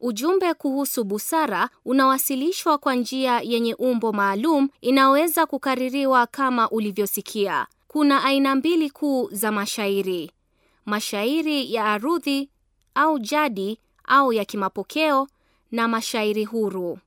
Ujumbe kuhusu busara unawasilishwa kwa njia yenye umbo maalum inaweza kukaririwa kama ulivyosikia. Kuna aina mbili kuu za mashairi: mashairi ya arudhi au jadi au ya kimapokeo na mashairi huru.